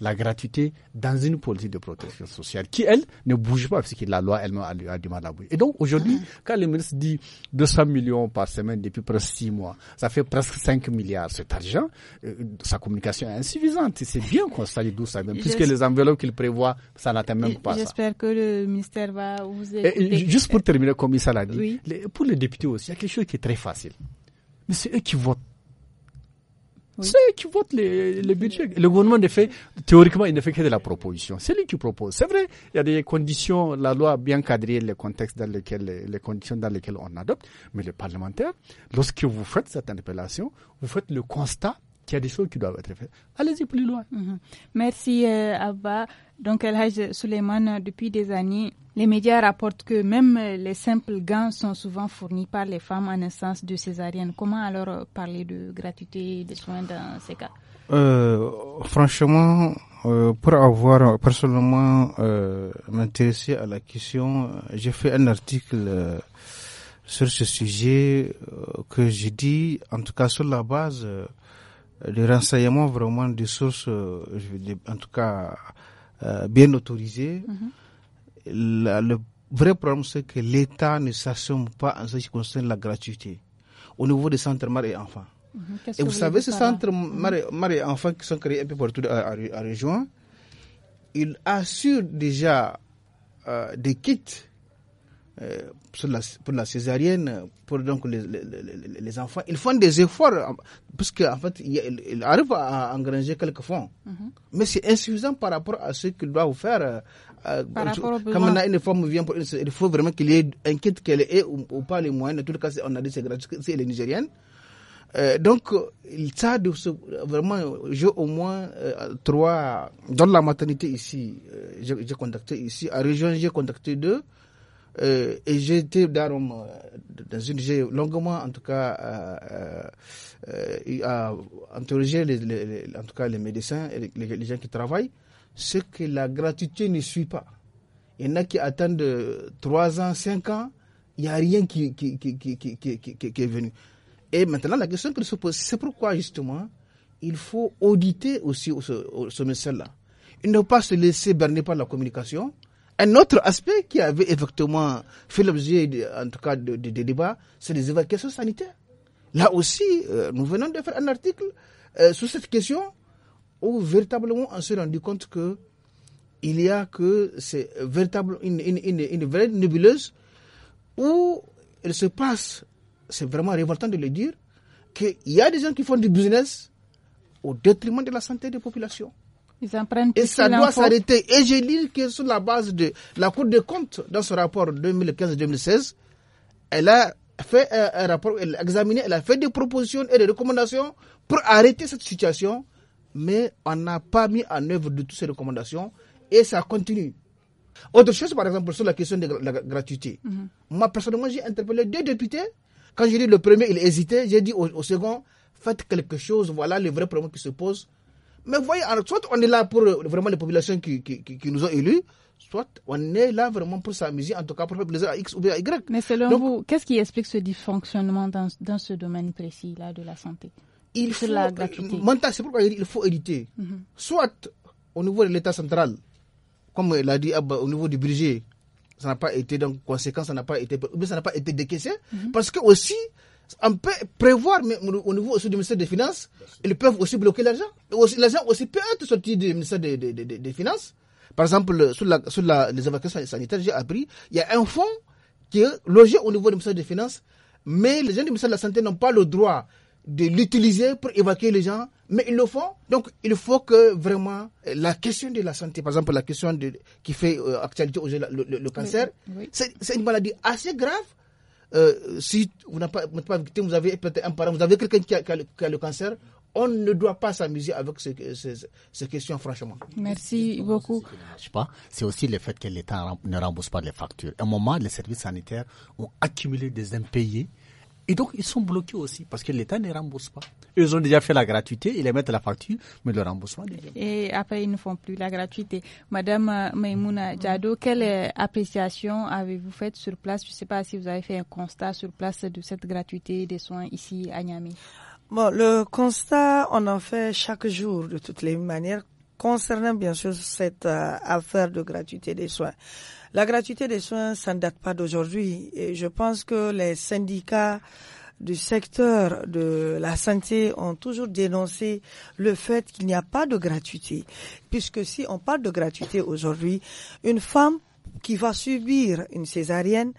la gratuité dans une politique de protection sociale qui, elle, ne bouge pas parce que la loi elle-même a, du mal à bouger. Et donc, aujourd'hui, quand le ministre dit 200 millions par semaine depuis presque 6 mois, ça fait presque 5 milliards cet argent, euh, sa communication est insuffisante. C'est bien qu'on sache d'où ça vient, puisque les enveloppes qu'il prévoit, ça n'atteint même pas ça. J'espère que le ministère va vous aider. Juste pour terminer, comme il a dit, pour les députés aussi, il y a quelque chose qui est très facile. Mais c'est eux qui votent c'est c'est qui vote les, budgets. Le gouvernement ne fait, théoriquement, il ne fait que de la proposition. C'est lui qui propose. C'est vrai, il y a des conditions, la loi bien cadrée le contexte dans lesquels, les conditions dans lesquelles on adopte, mais les parlementaires, lorsque vous faites cette interpellation, vous faites le constat il y a des choses qui doivent être faites. Allez-y plus loin. Mhm. Merci euh, Abba. Donc Elhaj Suleiman, depuis des années, les médias rapportent que même euh, les simples gants sont souvent fournis par les femmes en instance de césarienne. Comment alors euh, parler de gratuité des soins dans ces cas Franchement, pour avoir personnellement m'intéressé à la question, j'ai fait un article sur ce sujet que j'ai dit, en tout cas sur la base les renseignements vraiment des sources, euh, je veux dire, en tout cas, euh, bien autorisées. Mhm. le vrai problème, c'est que l'État ne s'assume pas en ce qui concerne la gratuité au niveau des centres mères et enfants. Mhm. Et vous, savez, ces centres mhm. mères et enfants qui sont créés un peu partout à, la région, ils assurent déjà euh, des kits euh, la, pour la césarienne, pour donc les, les, les, enfants, ils font des efforts parce en fait, ils arrivent à engranger quelques fonds. Mhm. Mais c'est insuffisant par rapport à ce qu'ils doivent faire. Euh, on a une vient pour il faut vraiment qu'il y ait un kit qu'elle ait ou, pas les moyens. En tout cas, on a dit c'est gratuit, c'est les Nigériennes. Euh, donc, ça, de vraiment, j'ai au moins trois, dans la maternité ici, j'ai contacté ici, à région, j'ai contacté deux. Euh, et j'étais dans, euh, dans une, j'ai longuement, en tout cas, euh, euh, euh interrogé les, en tout cas les médecins et les, gens qui travaillent, Ce que la gratuité ne suit pas. Il y en a qui attendent trois ans, cinq ans, il n'y a rien qui qui, est venu. Et maintenant, la question que se pose, c'est pourquoi justement il faut auditer aussi ce, ce message-là. Il ne faut pas se laisser berner par la communication, un autre aspect qui avait effectivement fait l'objet, en tout cas, des débats, c'est les évacuations sanitaires. Là aussi, euh, nous venons de faire un article euh, sur cette question où véritablement on s'est rendu compte que il y a que c'est véritable une, vraie nébuleuse où il se passe, c'est vraiment révoltant de le dire, qu'il y a des gens qui font du business au détriment de la santé des populations. Ils et ça doit s'arrêter. Et j'ai lis que sur la base de la Cour des comptes, dans ce rapport 2015-2016, elle a fait un rapport, elle a examiné, elle a fait des propositions et des recommandations pour arrêter cette situation, mais on n'a pas mis en œuvre de toutes ces recommandations et ça continue. Autre chose, par exemple, sur la question de la gratuité. Mhm. Moi, personnellement, j'ai interpellé deux députés. Quand j'ai dit le premier, il hésitait. J'ai dit au, au, second, faites quelque chose. Voilà le vrai problème qui se pose mais vous voyez, soit on est là pour euh, vraiment les populations qui, qui, nous ont élus, soit on est là vraiment pour s'amuser, en tout cas pour faire plaisir à X ou à Y. Mais selon Donc, vous, qu'est-ce qui explique ce dysfonctionnement dans, dans ce domaine précis-là de la santé il faut, euh, c'est pourquoi il faut éviter. Mhm. Soit au niveau de l'État central, comme a dit au niveau du budget, ça n'a pas été, donc conséquence, ça n'a pas été, ça n'a pas été décaissé, mhm. parce que aussi, on peut prévoir, mais au niveau aussi du ministère des Finances, ils peuvent aussi bloquer l'argent. L'argent aussi peut être sorti du ministère des, des, des, des Finances. Par exemple, sur, la, sur les évacuations sanitaires, j'ai appris, il y a un fonds qui est logé au niveau du ministère des Finances, mais les gens du ministère de la Santé n'ont pas le droit de l'utiliser pour évacuer les gens, mais ils le font. Donc, il faut que vraiment la question de la santé, par exemple la question de, qui fait euh, actualité aujourd'hui, le, le, cancer, c'est une maladie assez grave euh, si vous n'avez pas, vous avez un parent, vous avez quelqu'un qui, a le cancer, on ne doit pas s'amuser avec ces, ces, questions, franchement. Merci beaucoup. C'est aussi le fait que l'État ne rembourse pas les factures. À un moment, les services sanitaires ont accumulé des impayés et donc, ils sont bloqués aussi parce que l'État ne rembourse pas. Ils ont déjà fait la gratuité, ils à la facture, mais le remboursement. Et après, ils ne font plus la gratuité. Madame euh, Maimouna Jado, mm. quelle euh, appréciation avez-vous faite sur place Je ne sais pas si vous avez fait un constat sur place de cette gratuité des soins ici à Niamey. Bon, le constat, on en fait chaque jour de toutes les manières Concernant bien sûr cette euh, affaire de gratuité des soins, la gratuité des soins, ça ne date pas d'aujourd'hui. Et je pense que les syndicats du secteur de la santé ont toujours dénoncé le fait qu'il n'y a pas de gratuité. Puisque si on parle de gratuité aujourd'hui, une femme qui va subir une césarienne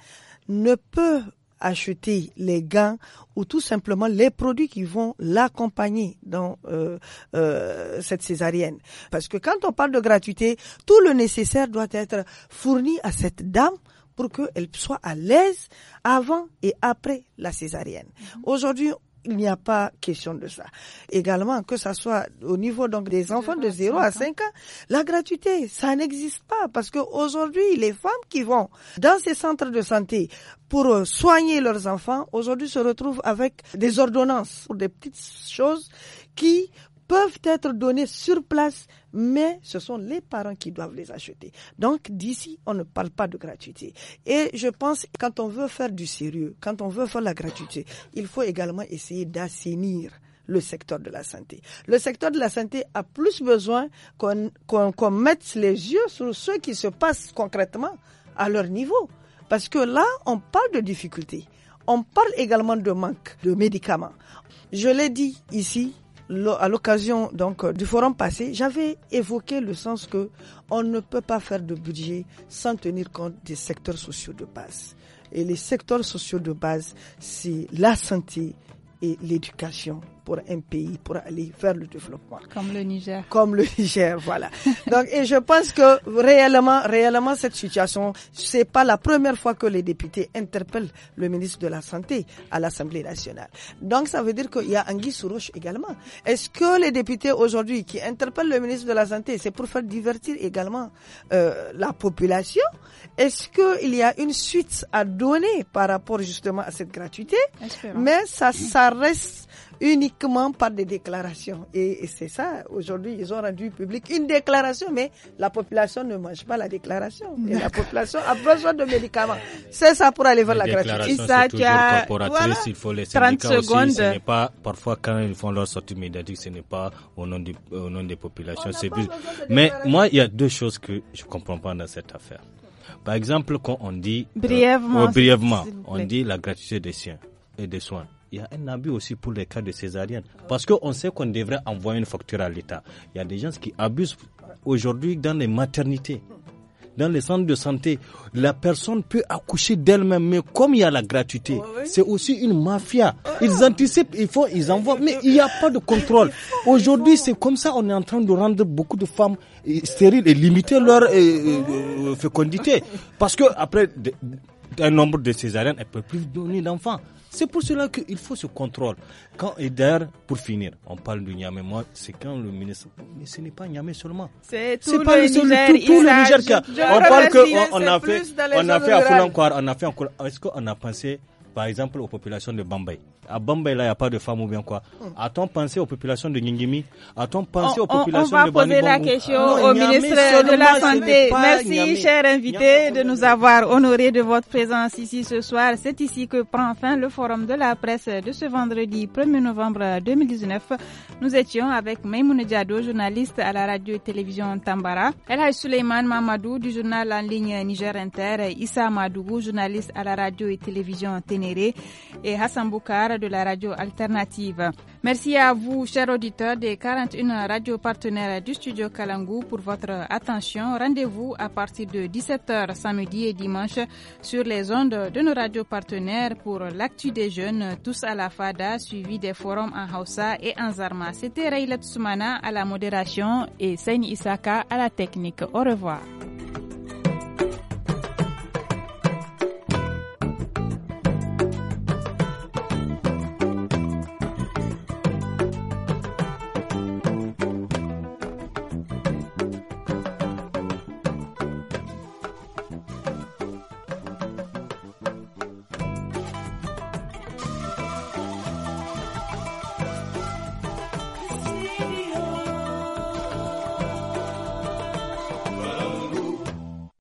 ne peut acheter les gants ou tout simplement les produits qui vont l'accompagner dans euh, euh, cette césarienne. Parce que quand on parle de gratuité, tout le nécessaire doit être fourni à cette dame pour qu'elle soit à l'aise avant et après la césarienne. Mhm. Aujourd'hui, il n'y a pas question de ça. Également, que ça soit au niveau donc des enfants de 0 à 5 ans, la gratuité, ça n'existe pas parce que aujourd'hui, les femmes qui vont dans ces centres de santé pour euh, soigner leurs enfants, aujourd'hui se retrouvent avec des ordonnances pour des petites choses qui peuvent être donnés sur place, mais ce sont les parents qui doivent les acheter. Donc d'ici, on ne parle pas de gratuité. Et je pense quand on veut faire du sérieux, quand on veut faire la gratuité, il faut également essayer d'assainir le secteur de la santé. Le secteur de la santé a plus besoin qu'on mette les yeux sur ce qui se passe concrètement à leur niveau. Parce que là, on parle de difficultés. On parle également de manque de médicaments. Je l'ai dit ici, à l'occasion donc euh, du forum passé, j'avais évoqué le sens que on ne peut pas faire de budget sans tenir compte des secteurs sociaux de base. Et les secteurs sociaux de base, c'est la santé et l'éducation pour un pays, pour aller vers le développement. Comme le Niger. Comme le Niger, voilà. Donc, et je pense que réellement, réellement, cette situation, c'est pas la première fois que les députés interpellent le ministre de la Santé à l'Assemblée nationale. Donc, ça veut dire qu'il y a Anguille Souroche également. Est-ce que les députés aujourd'hui qui interpellent le ministre de la Santé, c'est pour faire divertir également euh, la population Est-ce qu'il y a une suite à donner par rapport justement à cette gratuité Mais ça, ça reste uniquement par des déclarations. Et, c'est ça, aujourd'hui, ils ont rendu public une déclaration, mais la population ne mange pas la déclaration. Et la population a besoin de médicaments. C'est ça pour aller vers la gratuité. C'est a... il faut les 30 secondes. pas, parfois, quand ils font leur sortie médiatique, ce n'est pas au nom, au nom des populations. C'est Mais moi, il y a deux choses que je comprends pas dans cette affaire. Par exemple, quand on dit... Euh, brièvement. Oh, brièvement, on dit la gratuité des siens et des soins il y a un abus aussi pour les cas de césarienne. Parce qu'on sait qu'on devrait envoyer une facture à l'État. Il y a des gens qui abusent aujourd'hui dans les maternités, dans les centres de santé. La personne peut accoucher d'elle-même, mais comme il y a la gratuité, c'est aussi une mafia. Ah. Ils anticipent, ils font, ils envoient, mais il n'y a pas de contrôle. Aujourd'hui, c'est comme ça, on est en train de rendre beaucoup de femmes euh, stériles et limiter leur euh, euh, fécondité. Parce que après, un nombre de césariennes, elle ne peut plus donner d'enfants. C'est pour cela qu'il faut ce contrôle. Quand, et d'ailleurs, pour finir, on parle du Niamey. Moi, c'est quand le ministre. Mais ce n'est pas Niamey seulement. C'est tout, le, Niger, On parle qu'on on a fait, on a fait à on a fait Est-ce qu'on a pensé par exemple aux populations de Bambay. À Bambay, là, il n'y a pas de femmes ou bien quoi. A-t-on pensé aux populations de Ngingimi A-t on pensé aux populations de On va poser la question ah, au ministre de la Santé. Merci, chers cher invité, de nous avoir honorés de votre présence ici ce soir. C'est ici que prend fin le forum de la presse de ce vendredi 1er novembre 2019. Nous étions avec Maimouna Diado, journaliste à la radio et télévision Tambara, Elhaj Suleiman Mamadou du journal en ligne Niger Inter, Issa Madougou, journaliste à la radio et télévision Ténéré et Hassan Boukar de la radio alternative. Merci à vous, chers auditeurs des 41 radios partenaires du studio Kalangou pour votre attention. Rendez-vous à partir de 17h samedi et dimanche sur les ondes de nos radios partenaires pour l'actu des jeunes, tous à la FADA, suivi des forums en Hausa et en Zarma. C'était Raylet Soumana à la modération et Seigne Isaka à la technique. Au revoir.